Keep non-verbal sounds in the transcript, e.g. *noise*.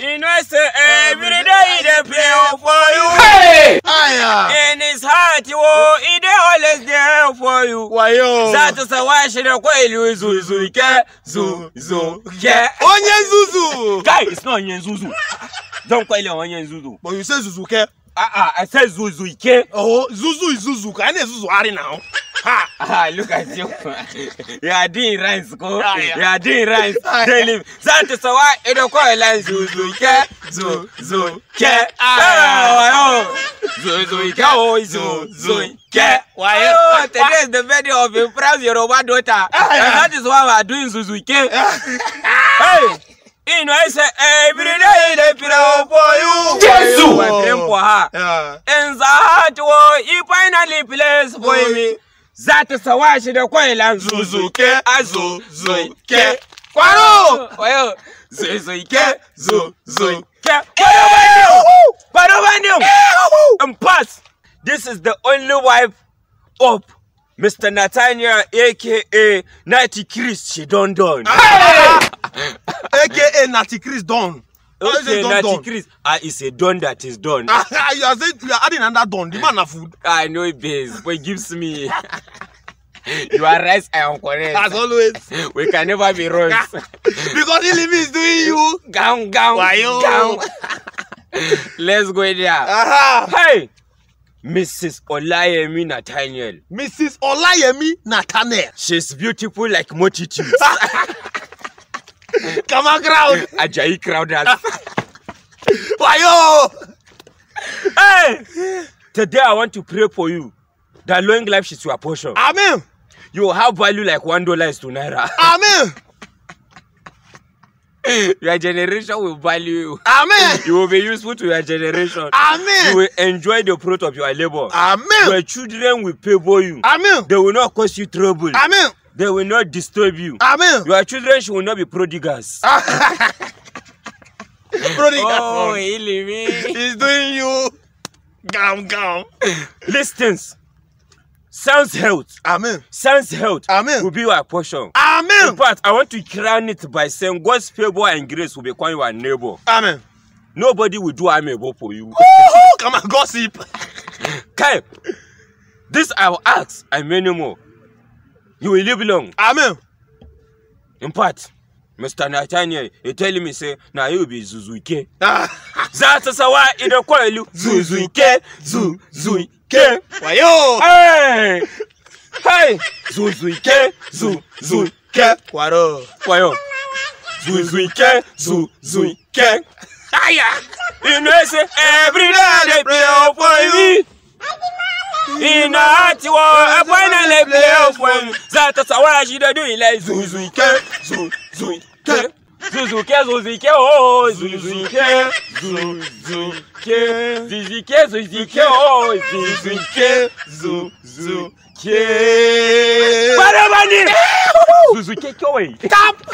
You know, sir, every day they pray for you. Hey! Aya! In his heart, you are always there for you. Why yo? That is why she requires you, Zuzu, Zuzu, Zuzu, Onye Zuzu! Guy, it's not Onye Zuzu. Don't call it Onye Zuzu. But you say Zuzu, ke? Ah, ah, I say Zuzu, ke? Oh, Zuzu is Zuzu, and Zuzu, are now ha ah, look at you *laughs* you are doing rhymes ko ah, you are doing rhymes daily zan ta sawa ido ko ila zu zu ke zu zu ke Zuzu, zu zu ke oh, o ah, oh, today is the birthday of a proud Yoruba daughter and that is why we are doing Zuzu, zu hey You know, I say every day they pray for you. Jesus! My grandpa, ha. Yeah. And that was oh, he finally plays for me za ta sawa shi da kwailan zuzuke a zuzuke kwaro wayo zuzuke zuzuke kwayo bandium kwaro bandium and pass this is the only wife of Mr. Nathaniel aka Natty Chris Shedondon aka Natty Chris Don don't say na decrease ah it's a done that is done. Ah, ah, you are saying you are adding another done. the man na food. i know base but it gives me. *laughs* you are right i am correct. as always. we can never be wrong. *laughs* because ilimi is doing you. Gang, gown Wayo. gown. let's go in there. Uh -huh. hey. Mrs. Olayemi Nathaniel. Mrs. Olayemi Nathaniel. She's beautiful like multitudes. *laughs* kama crowd *laughs* ajayi crowders *laughs* wayo hey today i want to pray for you that long life is your portion amen you will have value like one dollar is to naira *laughs* amen your generation will value you. Amen. You will be useful to your generation. Amen. You will enjoy the fruit of your labor. Amen. Your children will pay for you. Amen. They will not cause you trouble. Amen. They will not disturb you. Amen. Your children should not be prodigals. *laughs* prodigals. Oh, Ilimi. He's doing you. gum gum. Listens. Sounds health. Amen. Sounds health. Amen. Will be your portion. Amen. But I want to crown it by saying God's favor and grace will become your neighbor. Amen. Nobody will do amiable for you. Come on, gossip. Kai, this I will ask and many more you will live long. amen. in part, mr nathaniel he tell me say na you be zuzuike. Ah. *laughs* za ta sawa idan kwa you zuzuike zuzuike. wayo. hey hey zuzuike zuzuike. waro. wayo zuzuike zuzuike. aya you know say every day dey play for you. ina ati wo ẹgbẹ́ kwenu za ta tsawara shi da dun ilai zuzuike zuzuike zuzuike zuzuike o zuzuike zuzuike zuzuike zuzuike o zuzuike zuzuike bare bani zuzuike kawai